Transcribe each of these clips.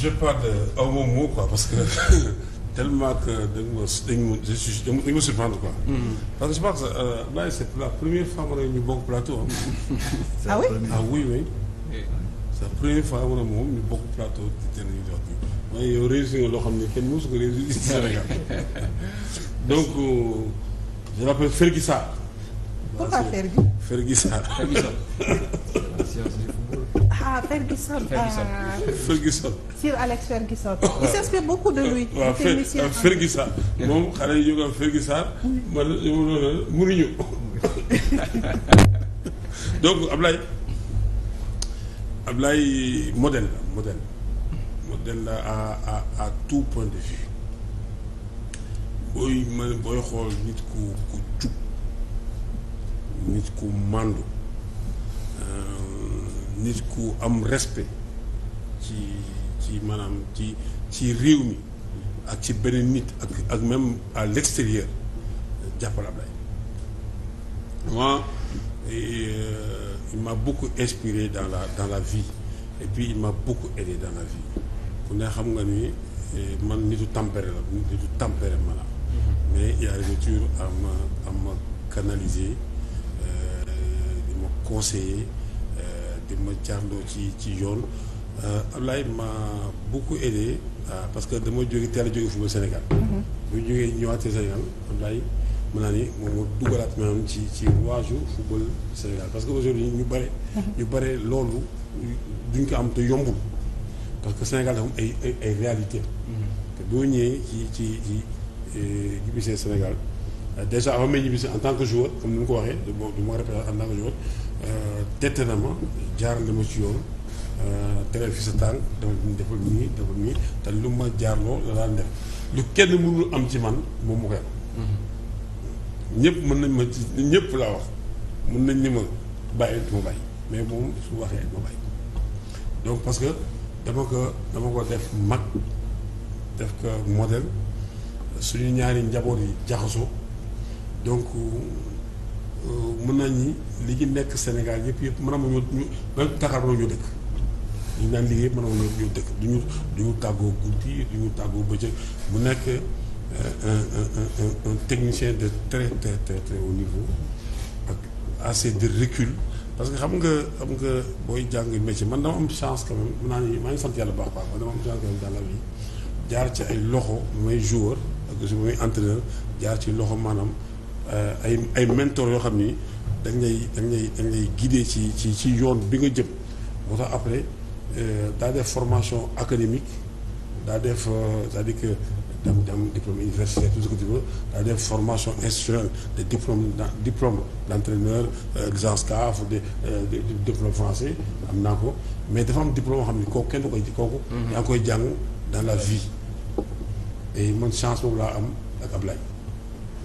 je parle aw moom moo quoi parce que tellement que dañ ma dañ ma hmm. parce que je pense que euh, Ablaye c'est la première fois ma ne ñu bokk plateau ah. ah oui ah oui oui. c'est la première fois ma ne moom ñu bokk plateau ci télé jox bi waaye yow réussir loo xam ne kenn mosu ko réussir ci Sénégal donc euh, je l'appelle Fergie Sarr. pourquoi Fergie. ah Ferguson. Ferguson ah. Ferguson. Oh. Ah, ah, moom xale yi ñu ko Ferguson. man mënuñu. donc Ablaye Ablaye modèle la modèle la à à à booy man booy xool nit ku ku jub nit ku màndu. nit ku am respect ci ci maanaam ci ci réew mi ak ci beneen nit ak ak même à l'extérieur jàppal Ablaye moi euh, il m'a beaucoup inspiré dans la dans la vie et puis il m'a beaucoup aidé dans la vie ku ne xam nga ni man nitu tempéré la nitu tempéré ma la mais il y a ma à ma canaliser euh, di ma conseiller di ma jaarloo ci ci yoon euh, Ablaye m'a beaucoup aidé euh, parce que dama jóge teel a jóge football Sénégal mhm. bu jógee ñëwaatee Sénégal Ablaye mën naa ni moom moo dugalaat maanaam ci ci waaju football Sénégal parce que aujourd'hui ñu bare mhm. ñu bare loolu duñ ko am te yombul parce que Sénégal dafa ay ay réalité mhm. te boo ñëwee ci ci ci euh, ñibbisee Sénégal déjà avant may ñibbisi en tant que joueur comme ni mu ko waxee bon du ma répéter en tant que joueur tette na ma jaar ma ci yoon euh, tegal fi sa tànk defal nii defal nii te lu ma jaarloo la daan def lu kenn mënul am ci man moom mu koy am mm-hmm. ñëpp mën nañ ma ci ñëpp laa wax mën nañ ni ma bàyyi du ma mais moom su waxee ma bàyyi donc parce que dama ko dama ko def mag def ko modèle suñu ñaari njaboot yi jaxasoo donc Euh, mën nañu li ci nekk Sénégal yëpp yëpp mën a ma ñu même Dakar mën ñu dëkk ñu naan liggéey mën a ñu dëkk duñu duñu tàggoo guddi duñu tàggoo bëccëg mu nekk euh, un un technicien de très très très très haut niveau ak assez de recul parce que xam nga xam nga booy jàng métier man dama am chance quand même mën naa ni maa ngi sant yàlla baax baax man dama am chance quand même dans la jaar ci ay loxo may joueur ak su may entraîneur jaar ci loxo maanaam ay ay mentor yoo xam ni dañ lay dañ lay dañ lay guider ci ci ci yoon bi nga jëm moo tax après euh, daa def formation académique daa def euh, c'est-à-dire que dam di diplôme universitaire tout ce que tu veux daa def formation institutionnelle de diplôme diplôme d'entraîneur XASCAF euh, de diplôme français am naa ko mais dafa am diplôme oo xam ni kooku kenn du koy kooku mhm. yaa ngi koy jàng dans la vie et man chance boobu laa am ak Ablaye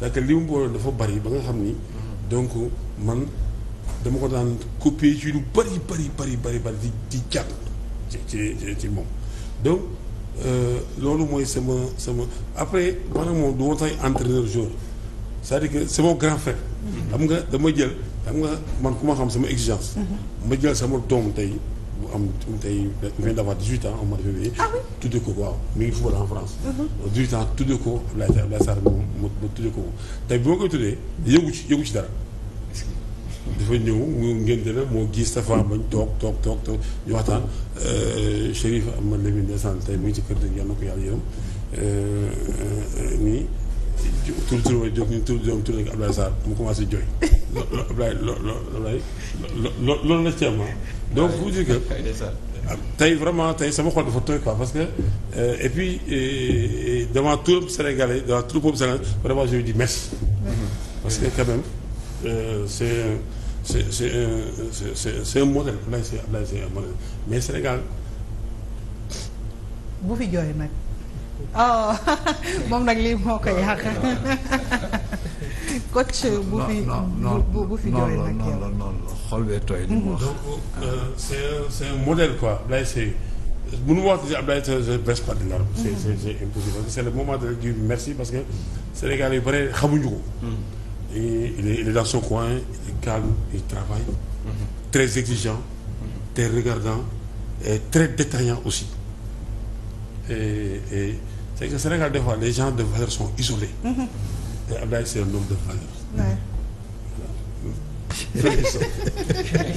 c'est que li mu boole dafa bari ba nga xam ni donc man dama ko daan copier ci lu bari bari bari bari bari di di jàng ci ci ci moom donc euh, loolu mooy sama sama après maanaam moom du ma tay entraîneur jour cest à que c'est mon grand frère mm-hmm. xam nga dama jël xam nga man ku ma xam sama exigence mm-hmm. ma jël sama tom tey bu am tey vient d'avoir dix-huit ans en mois de février. ah oui tuddee ko waaw mi ngi football en France. Mm-hmm. dix-huit ans tuddee ko Abdoulaye Abdoulaye Sarr mu mu mu tuddee ko tey boo ma koy tuddee yëgu ci yëgu ci dara. dafa ñëw mu ngénte la moo gis sa femme bañ toog toog toog toog ñu waxtaan euh, Chérif Amad de ndeysaan tey mu ngi ci kër gi yàlla na ko yàlla yërëm euh, euh, nii. tur tur mooy jóg ñu tur doom tur ak Abdoulaye Sarr mu commencé jooy lo lo Abdoulaye lo lo lo loolu la ci am ah. donc pour dire que ah, tey vraiment tey sama xol dafa tooy quoi parce que euh, et puis devant tout le Sénégalais devant tout le peuple sénégalais vraiment je lui dis merci. Mm-hmm. parce que quand même euh, c' est c' est c' est un c' est c' est un modèle Abdoulaye Abdoulaye c' est un modèle mais Sénégal. bu fi jooy nag. oh moom nag lii moo ko yàq coach bu fi bu bu fi jooy nag yow non non xol bee tooy li mu wax euh, c'est c'est un modèle quoi Ablaye Seye mënu ma wax déjà Ablaye Seye je de larmes c'est c'est impossible parce que c'est le moment de dire merci parce que Sénégal yu bëri xamuñu ko mm-hmm. il est il coin il est calme il travaille mm-hmm. très exigeant mm-hmm. très regardant et très détaillant aussi et et c'est que Sénégal des fois les gens de valeur sont isolés. Mm-hmm. te Abdoulaye c'est un homme de valeur. Ouais. Voilà.